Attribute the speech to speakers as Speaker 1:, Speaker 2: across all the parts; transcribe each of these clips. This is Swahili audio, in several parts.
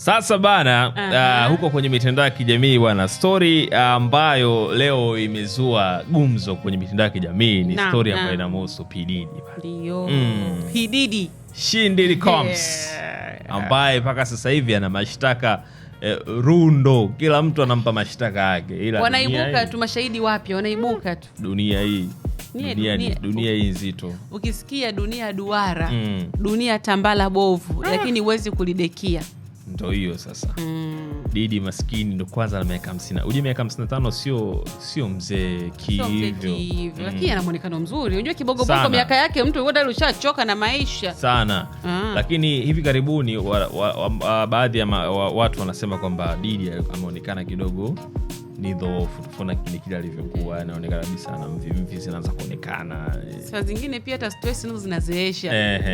Speaker 1: Sasa bana uh, -huh. Uh, huko kwenye mitandao ya kijamii bwana, stori ambayo uh, leo imezua gumzo kwenye mitandao ya kijamii ni stori ambayo inamhusu Pididi
Speaker 2: Diddy. Ndio. Mm. P Diddy
Speaker 1: Shindili Combs yeah, ambaye mpaka sasa hivi ana mashtaka E, rundo, kila mtu anampa mashtaka yake,
Speaker 2: ila wanaibuka tu mashahidi wapya, wanaibuka tu
Speaker 1: dunia hii dunia, dunia, dunia hii nzito,
Speaker 2: ukisikia dunia duara mm, dunia tambala bovu, ah. lakini huwezi kulidekia
Speaker 1: ndo hiyo sasa mm. Didi maskini ndo kwanza na miaka hamsini uju miaka hamsini tano sio sio mzee kihivyo ki
Speaker 2: mm. Lakini ana mwonekano mzuri, unajua kibogobogo miaka yake mtu tayari ushachoka na maisha
Speaker 1: sana mm. Lakini hivi karibuni wa, wa, wa, wa, baadhi ya ma, wa, watu wanasema kwamba Didi ameonekana kidogo ni dhoofu mm-hmm. tofauti na kipindi kile alivyokuwa, mm. anaonekana kabisa na mvimvi zinaanza kuonekana.
Speaker 2: Saa zingine pia hata stress nazo zinazeesha.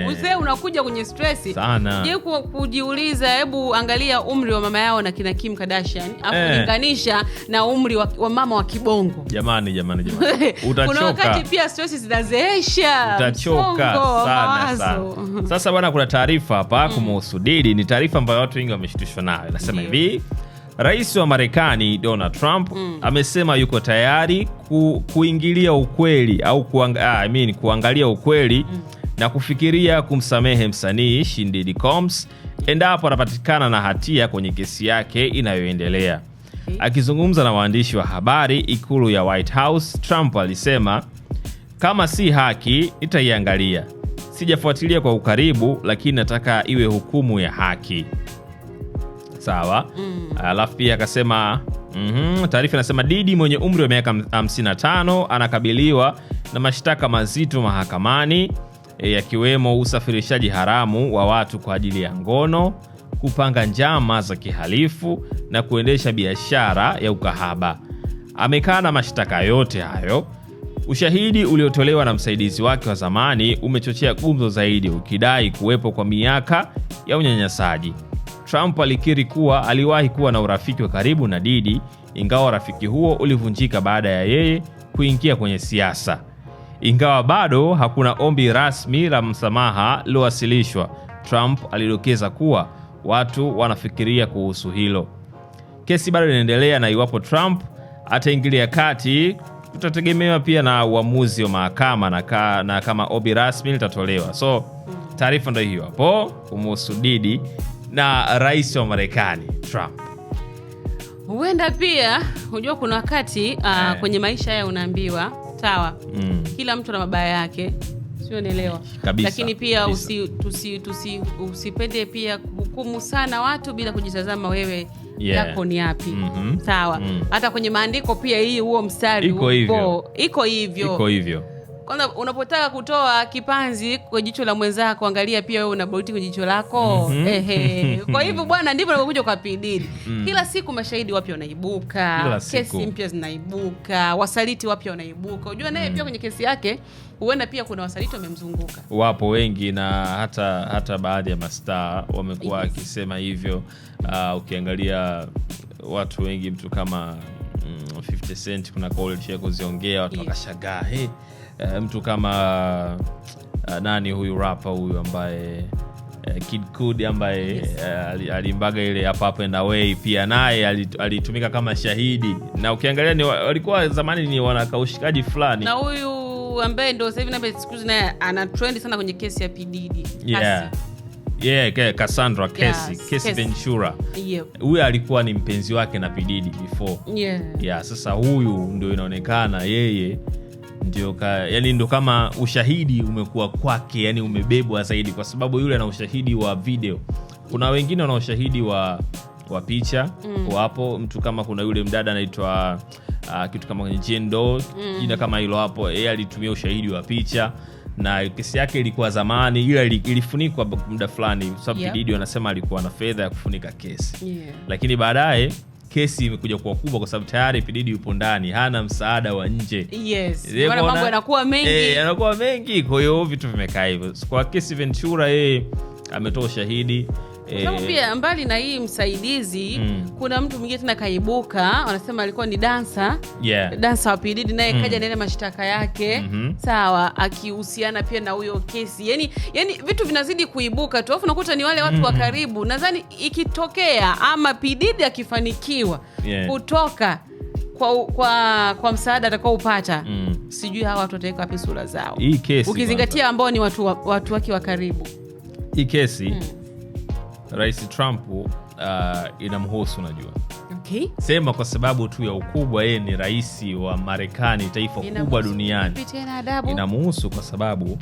Speaker 2: Uzee unakuja kwenye stress sana. Je, kujiuliza, hebu angalia umri wa mama yao na kina Kim Kardashian afu eh. linganisha na umri wa, wa mama wa kibongo.
Speaker 1: Jamani, jamani, jamani.
Speaker 2: Utachoka. Kuna wakati pia stress zinazeesha.
Speaker 1: Utachoka sana sana. Sasa bwana, kuna taarifa hapa mm, kumuhusu Ni taarifa ambayo watu wengi wameshitishwa nayo. Nasema hivi yeah. Rais wa Marekani Donald Trump mm. amesema yuko tayari ku, kuingilia ukweli au kuang, ah, I mean, kuangalia ukweli mm. na kufikiria kumsamehe msanii Shindidi Combs endapo anapatikana na hatia kwenye kesi yake inayoendelea. Akizungumza na waandishi wa habari ikulu ya White House, Trump alisema kama si haki nitaiangalia, sijafuatilia kwa ukaribu, lakini nataka iwe hukumu ya haki sawa. Alafu pia akasema mm -hmm, taarifa inasema Didi mwenye umri wa miaka 55 anakabiliwa na mashtaka mazito mahakamani eh, yakiwemo usafirishaji haramu wa watu kwa ajili ya ngono, kupanga njama za kihalifu na kuendesha biashara ya ukahaba. Amekaa na mashtaka yote hayo. Ushahidi uliotolewa na msaidizi wake wa zamani umechochea gumzo zaidi, ukidai kuwepo kwa miaka ya unyanyasaji. Trump alikiri kuwa aliwahi kuwa na urafiki wa karibu na Diddy, ingawa urafiki huo ulivunjika baada ya yeye kuingia kwenye siasa. Ingawa bado hakuna ombi rasmi la msamaha lilowasilishwa, Trump alidokeza kuwa watu wanafikiria kuhusu hilo. Kesi bado inaendelea na iwapo Trump ataingilia kati tutategemewa pia na uamuzi wa mahakama na, ka, na kama ombi rasmi litatolewa. So taarifa ndio hiyo hapo kumuhusu Diddy na rais wa Marekani Trump.
Speaker 2: Huenda pia hujua, kuna wakati uh, eh. kwenye maisha haya unaambiwa sawa, mm. kila mtu na mabaya yake, sio nielewa kabisa, lakini pia usi, tusi, tusi, usipende pia hukumu sana watu bila kujitazama wewe Yeah. Yako ni yapi? mm -hmm. Sawa. mm. Hata kwenye maandiko pia hii huo mstari
Speaker 1: iko hivyo, iko hivyo.
Speaker 2: Kwanza unapotaka kutoa kipanzi kwa jicho la mwenzako, angalia pia wewe una boriti kwenye jicho lako. mm -hmm. Ehe. Kwa hivyo bwana, ndivyo unapokuja kwa PD. mm. Kila siku mashahidi wapya wanaibuka, kesi mpya zinaibuka, wasaliti wapya wanaibuka. Unajua naye mm. pia kwenye kesi yake huenda pia kuna wasaliti wamemzunguka,
Speaker 1: wapo wengi, na hata hata baadhi ya mastaa wamekuwa akisema hivyo. Uh, ukiangalia watu wengi, mtu kama mm, 50 Cent kuna kauli kuziongea watu yes. wakashagaa hey uh, mtu kama uh, nani huyu rapa huyu ambaye uh, Kid Cudi ambaye yes. uh, alimbaga ile Up Up and Away pia naye alitumika kama shahidi, na ukiangalia ni walikuwa zamani ni wanakaushikaji fulani
Speaker 2: na huyu ambaye ndo sasa hivi naye ana trend sana kwenye kesi ya P Diddy
Speaker 1: yeah. Yeah, yeah, Cassandra kesi kesi Casey Ventura huyu alikuwa ni mpenzi wake na pididi before yeah. Yeah, sasa huyu ndio inaonekana yeye yeah, yeah ndio ka, yani ndio kama ushahidi umekuwa kwake, yani umebebwa zaidi, kwa sababu yule ana ushahidi wa video. Kuna wengine wana ushahidi wa wa picha mm. Wapo mtu kama kuna yule mdada anaitwa uh, kitu kama Jendo mm. Jina kama hilo hapo, yeye alitumia ushahidi wa picha na kesi yake ilikuwa zamani, ila ilifunikwa muda fulani, sababu yep. Kididi anasema alikuwa na fedha ya kufunika kesi yeah. Lakini baadaye kesi imekuja kuwa kubwa kwa sababu tayari Pididi yupo ndani, hana msaada wa nje.
Speaker 2: Yes, mambo yanakuwa mengi, eh,
Speaker 1: yanakuwa mengi. Kwa hiyo vitu vimekaa hivyo. Kwa kesi Ventura, yeye ametoa ushahidi
Speaker 2: Eh. sababu pia mbali na hii msaidizi mm. kuna mtu mwingine tena kaibuka, wanasema alikuwa ni dansa yeah. dansa wa pididi naye mm. kaja na mashtaka yake mm -hmm. sawa, akihusiana pia na huyo kesi yani, yani vitu vinazidi kuibuka tu, alafu nakuta ni wale watu mm -hmm. wa mm-hmm. karibu. Nadhani ikitokea ama pididi akifanikiwa yeah. kutoka kwa, kwa, kwa msaada atakao upata mm. sijui hawa watu wataweka wapi sura zao, ukizingatia ambao ni watu, watu wake wa karibu
Speaker 1: hii kesi mm. Rais Trump uh, inamhusu unajua, okay. Sema kwa sababu tu ya ukubwa, yeye ni rais wa Marekani, taifa inamuhusu kubwa duniani, inamhusu kwa sababu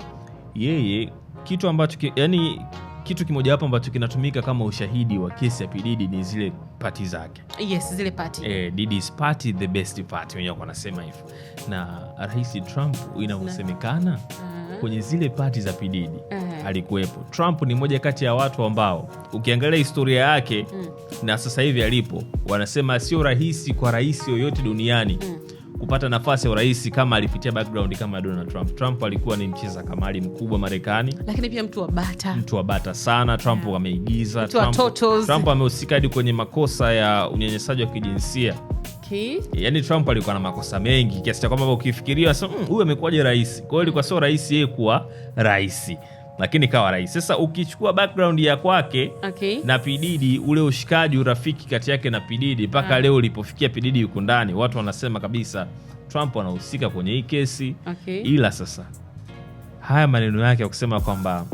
Speaker 1: yeye kitu ambacho yani kitu kimojawapo ambacho kinatumika kama ushahidi wa kesi ya pididi ni zile pati zake.
Speaker 2: Yes, zile pati.
Speaker 1: E, eh, Diddy's party the best party wenyewe wanasema hivyo, na Rais Trump inavyosemekana mm. kwenye zile pati za pididi uh eh. -huh alikuwepo. Trump ni moja kati ya watu ambao ukiangalia historia yake mm. na sasa hivi alipo, wanasema sio rahisi kwa rais yoyote duniani mm kupata nafasi ya urais kama alipitia background kama Donald Trump. Trump alikuwa ni mcheza kamari mkubwa Marekani,
Speaker 2: lakini pia mtu wa bata,
Speaker 1: mtu wa bata sana. Trump yeah. ameigiza, Trump amehusika hadi kwenye makosa ya unyanyasaji wa kijinsia Ki? Yani Trump alikuwa na makosa mengi kiasi cha kwamba ukifikiria mm, huyu mm, amekuwaje rais? Kwa hiyo ilikuwa sio rahisi yeye kuwa rais lakini kawa rais. Sasa ukichukua background ya kwake okay. na Pididi, ule ushikaji, urafiki kati yake na Pididi mpaka leo ulipofikia Pididi yuko ndani, watu wanasema kabisa Trump anahusika kwenye hii kesi okay. ila sasa haya maneno yake ya kusema kwamba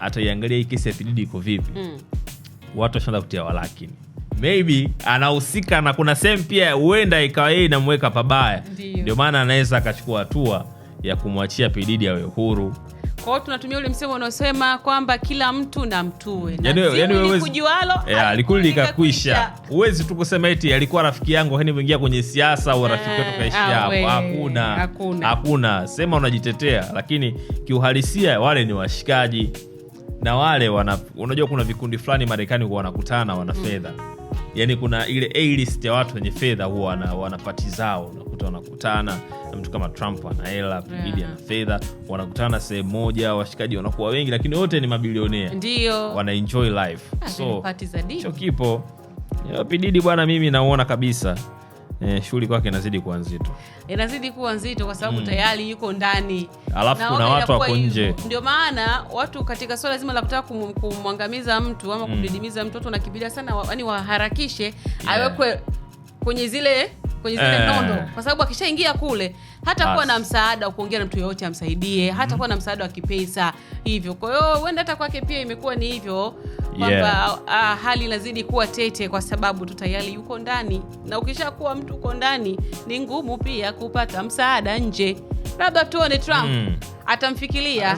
Speaker 1: ataiangalia hii kesi ya Pididi iko vipi mm. watu washaanza kutia walakini maybe anahusika na kuna sehemu pia huenda ikawa yeye inamweka pabaya, ndio maana anaweza akachukua hatua ya kumwachia Pididi awe huru
Speaker 2: kwao tunatumia ule msemo unaosema kwamba kila mtu na mtue, alikuwa
Speaker 1: yaani yaani likakwisha. Huwezi tu kusema eti alikuwa rafiki yangu lakini mwingia kwenye siasa au rafiki wetu eh, kaishia hapo. Hakuna, hakuna, Sema unajitetea, lakini kiuhalisia wale ni washikaji na wale wana, unajua kuna vikundi fulani Marekani huwa wanakutana wana mm. fedha, yani kuna ile A list ya watu wenye fedha huwa wanapati zao unakuta wanakutana na mtu kama Trump ana hela pibidi yeah. ana fedha, wanakutana sehemu moja, washikaji wanakuwa wengi, lakini wote ni mabilionea, ndio wana enjoy life ah, so kipo pididi bwana, mimi nauona kabisa Eh, shughuli kwake inazidi kuwa nzito,
Speaker 2: inazidi kuwa nzito kwa sababu mm. tayari yuko ndani,
Speaker 1: alafu kuna watu wako nje.
Speaker 2: Ndio maana watu katika swala so zima la kutaka kumwangamiza mtu ama mm. kumdidimiza mtu, watu wanakimbilia sana, yaani waharakishe yeah. awekwe kwenye zile kwenye zile eh, nondo, kwa sababu akishaingia kule hata kuwa na msaada wa kuongea na mtu yoyote amsaidie, hata mm. kuwa na msaada wa kipesa hivyo. Kwa hiyo huenda hata kwake pia imekuwa ni hivyo kwamba yeah. hali inazidi kuwa tete, kwa sababu tu tayari yuko ndani, na ukishakuwa mtu uko ndani ni ngumu pia kupata msaada nje. Labda tuone Trump mm. atamfikiria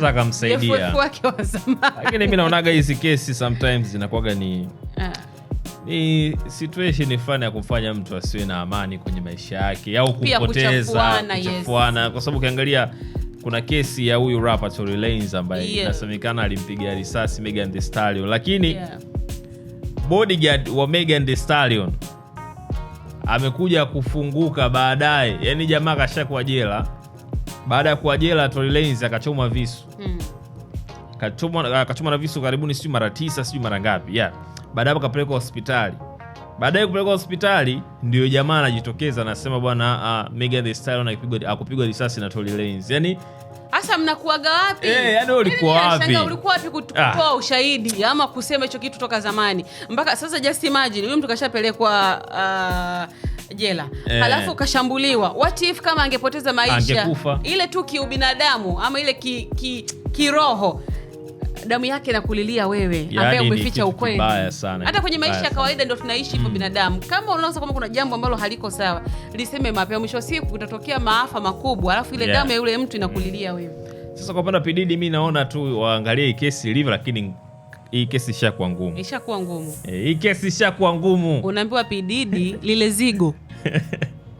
Speaker 2: wake wa zamani,
Speaker 1: lakini mi naonaga hizi kesi sometimes inakuwaga ni ni situation fulani ya kumfanya mtu asiwe na amani kwenye maisha yake au kupoteza kuchafuana, kwa sababu ukiangalia kuna kesi ya huyu rapper Tory Lanez ambaye yeah. inasemekana alimpiga risasi Megan Thee Stallion, lakini yeah. bodyguard wa Megan Thee Stallion amekuja kufunguka baadaye, yani jamaa kashakuwa jela. Baada ya kuwa jela, Tory Lanez akachomwa visu hmm akachomwa kachomwa na visu karibuni, sijui mara tisa, sijui mara ngapi yeah. hapo kapelekwa hospitali. Baadaye kupelekwa hospitali, ndio jamaa anajitokeza anasema, bwana uh, Megan Thee Stallion akupigwa akupigwa risasi na Tory Lanez.
Speaker 2: Yani hasa mnakuaga wapi?
Speaker 1: Eh, hey, yani yaani ulikuwa wapi? Shanga
Speaker 2: Ulikuwa ah. wapi kutoa ah, ushahidi ama kusema hicho kitu toka zamani mpaka sasa? Just imagine huyu mtu kashapelekwa uh, jela eh, halafu kashambuliwa. What if kama angepoteza maisha? Angekufa. Ile tu kiubinadamu ama ile ki, ki, kiroho damu yake na kulilia wewe yaani ambaye umeficha ukweli. Hata kwenye maisha ya kawaida ndio tunaishi hivyo mm. binadamu. Kama unaona kama kuna jambo ambalo haliko sawa, liseme mapema. Mwisho siku utatokea maafa makubwa, alafu ile damu ya yule mtu inakulilia mm. wewe.
Speaker 1: Sasa kwa upande wa Pididi, mi naona tu waangalie hii kesi ilivyo, lakini hii kesi ishakuwa ngumu,
Speaker 2: ishakuwa ngumu,
Speaker 1: eh, hii kesi ishakuwa ngumu.
Speaker 2: Unaambiwa Pididi lile zigo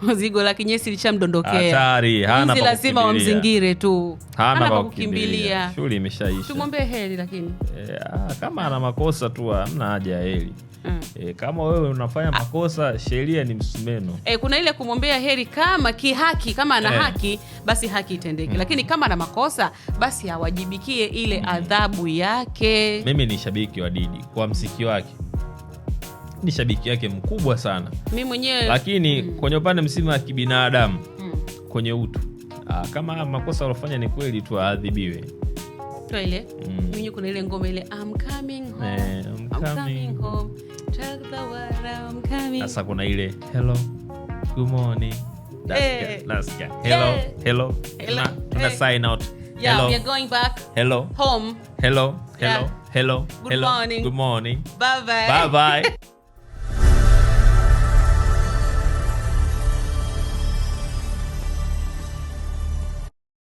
Speaker 2: zigo la kinyesi lishamdondokea,
Speaker 1: hatari, hana
Speaker 2: lazima wamzingire tu,
Speaker 1: hana pa kukimbilia, shughuli imeshaisha.
Speaker 2: Tumwombe heri, lakini
Speaker 1: yeah, kama ana makosa tu hamna haja ya heri. Mm. E, kama wewe unafanya ah. makosa sheria ni msumeno.
Speaker 2: E, kuna ile kumwombea heri kama kihaki, kama ana e, haki basi haki itendeke. Mm. Lakini kama ana makosa basi awajibikie ile adhabu yake.
Speaker 1: Mimi ni shabiki wa Didi kwa msiki wake ni shabiki yake mkubwa sana mwenyewe, lakini mm. kwenye upande msima wa kibinadamu mm. kwenye utu Aa, ah, kama makosa alofanya ni kweli tu aadhibiwe.
Speaker 2: Ile mm. kuna ile ngoma ile eh,
Speaker 1: Sasa kuna ile Hello, eh. eh. hello. Hello. Good morning.
Speaker 2: Bye bye. Bye bye.